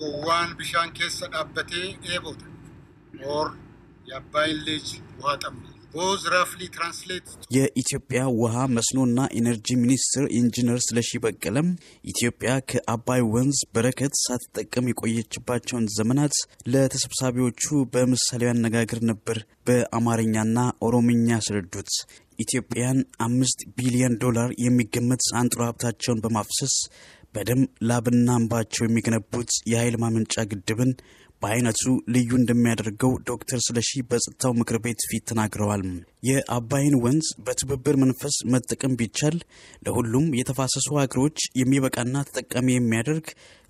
gowwaan bishaan keessa dhaabbatee eeboota ኦር የአባይን ልጅ ውሃ ጠማ የኢትዮጵያ ውሃ መስኖና ኢነርጂ ሚኒስትር ኢንጂነር ስለሺ በቀለም ኢትዮጵያ ከአባይ ወንዝ በረከት ሳትጠቀም የቆየችባቸውን ዘመናት ለተሰብሳቢዎቹ በምሳሌ አነጋገር ነበር በአማርኛና ኦሮምኛ ያስረዱት። ኢትዮጵያን አምስት ቢሊዮን ዶላር የሚገመት አንጥሮ ሀብታቸውን በማፍሰስ በደም ላብና እንባቸው የሚገነቡት የኃይል ማመንጫ ግድብን በአይነቱ ልዩ እንደሚያደርገው ዶክተር ስለሺ በጸጥታው ምክር ቤት ፊት ተናግረዋል። የአባይን ወንዝ በትብብር መንፈስ መጠቀም ቢቻል ለሁሉም የተፋሰሱ ሀገሮች የሚበቃና ተጠቃሚ የሚያደርግ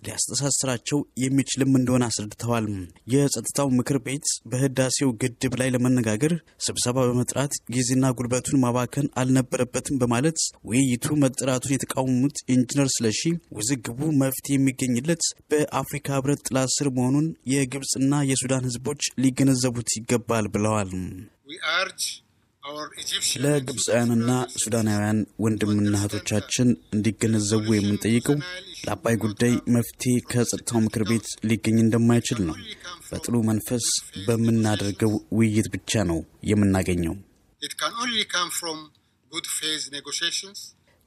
ሊያስተሳስራቸው የሚችልም እንደሆነ አስረድተዋል። የጸጥታው ምክር ቤት በህዳሴው ግድብ ላይ ለመነጋገር ስብሰባ በመጥራት ጊዜና ጉልበቱን ማባከን አልነበረበትም በማለት ውይይቱ መጠራቱን የተቃወሙት ኢንጂነር ስለሺ ውዝግቡ መፍትሄ የሚገኝለት በአፍሪካ ህብረት ጥላ ስር መሆኑን የ የግብፅና የሱዳን ህዝቦች ሊገነዘቡት ይገባል ብለዋል። ለግብፃውያንና ሱዳናውያን ወንድምና እህቶቻችን እንዲገነዘቡ የምንጠይቀው ለአባይ ጉዳይ መፍትሄ ከጸጥታው ምክር ቤት ሊገኝ እንደማይችል ነው። በጥሩ መንፈስ በምናደርገው ውይይት ብቻ ነው የምናገኘው።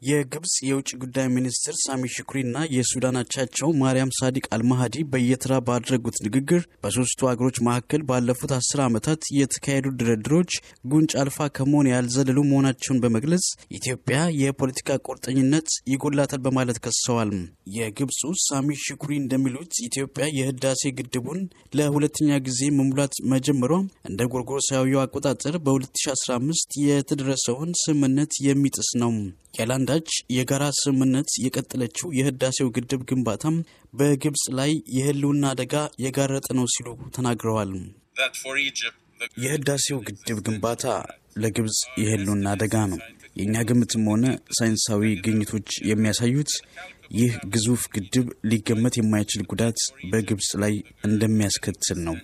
የግብጽ የውጭ ጉዳይ ሚኒስትር ሳሚ እና የሱዳን አቻቸው ማርያም ሳዲቅ አልማሃዲ በየትራ ባደረጉት ንግግር በሶስቱ አገሮች መካከል ባለፉት አስር ዓመታት የተካሄዱ ድርድሮች ጉንጭ አልፋ ከመሆን ያልዘለሉ መሆናቸውን በመግለጽ ኢትዮጵያ የፖለቲካ ቁርጠኝነት ይጎላታል በማለት ከሰዋል። የግብፁ ሳሚ ሽኩሪ እንደሚሉት ኢትዮጵያ የህዳሴ ግድቡን ለሁለተኛ ጊዜ መሙላት መጀመሯ እንደ ጎርጎሮሳዊው አቆጣጠር በ2015 የተደረሰውን ስምምነት የሚጥስ ነው። አንዳች የጋራ ስምምነት የቀጠለችው የህዳሴው ግድብ ግንባታም በግብፅ ላይ የህልውና አደጋ የጋረጠ ነው ሲሉ ተናግረዋል። የህዳሴው ግድብ ግንባታ ለግብፅ የህልውና አደጋ ነው። የእኛ ግምትም ሆነ ሳይንሳዊ ግኝቶች የሚያሳዩት ይህ ግዙፍ ግድብ ሊገመት የማይችል ጉዳት በግብፅ ላይ እንደሚያስከትል ነው።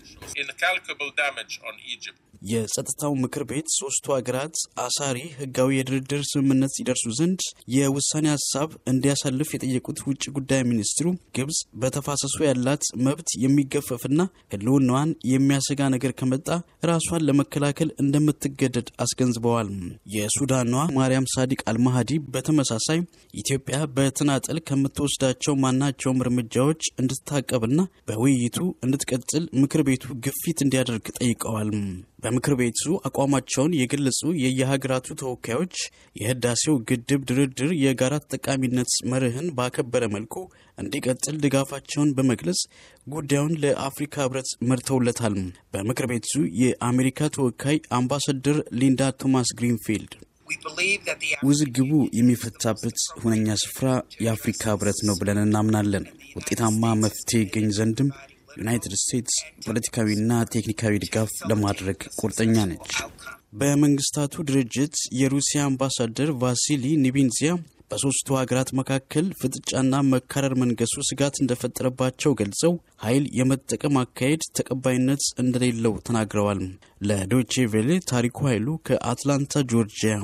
የጸጥታው ምክር ቤት ሶስቱ ሀገራት አሳሪ ህጋዊ የድርድር ስምምነት ሲደርሱ ዘንድ የውሳኔ ሀሳብ እንዲያሳልፍ የጠየቁት ውጭ ጉዳይ ሚኒስትሩ ግብጽ በተፋሰሱ ያላት መብት የሚገፈፍና ህልውናዋን የሚያሰጋ ነገር ከመጣ ራሷን ለመከላከል እንደምትገደድ አስገንዝበዋል። የሱዳኗ ማርያም ሳዲቅ አልማሃዲ በተመሳሳይ ኢትዮጵያ በተናጠል ከምትወስዳቸው ማናቸውም እርምጃዎች እንድትታቀብና በውይይቱ እንድትቀጥል ምክር ቤቱ ግፊት እንዲያደርግ ጠይቀዋል። በምክር ቤቱ አቋማቸውን የገለጹ የየሀገራቱ ተወካዮች የህዳሴው ግድብ ድርድር የጋራ ተጠቃሚነት መርህን ባከበረ መልኩ እንዲቀጥል ድጋፋቸውን በመግለጽ ጉዳዩን ለአፍሪካ ህብረት መርተውለታል። በምክር ቤቱ የአሜሪካ ተወካይ አምባሳደር ሊንዳ ቶማስ ግሪንፊልድ ውዝግቡ የሚፈታበት ሁነኛ ስፍራ የአፍሪካ ህብረት ነው ብለን እናምናለን። ውጤታማ መፍትሄ ይገኝ ዘንድም ዩናይትድ ስቴትስ ፖለቲካዊና ቴክኒካዊ ድጋፍ ለማድረግ ቁርጠኛ ነች። በመንግስታቱ ድርጅት የሩሲያ አምባሳደር ቫሲሊ ኒቢንዚያ በሦስቱ ሀገራት መካከል ፍጥጫና መካረር መንገሱ ስጋት እንደፈጠረባቸው ገልጸው ኃይል የመጠቀም አካሄድ ተቀባይነት እንደሌለው ተናግረዋል። ለዶቼ ቬሌ ታሪኩ ኃይሉ ከአትላንታ ጆርጂያ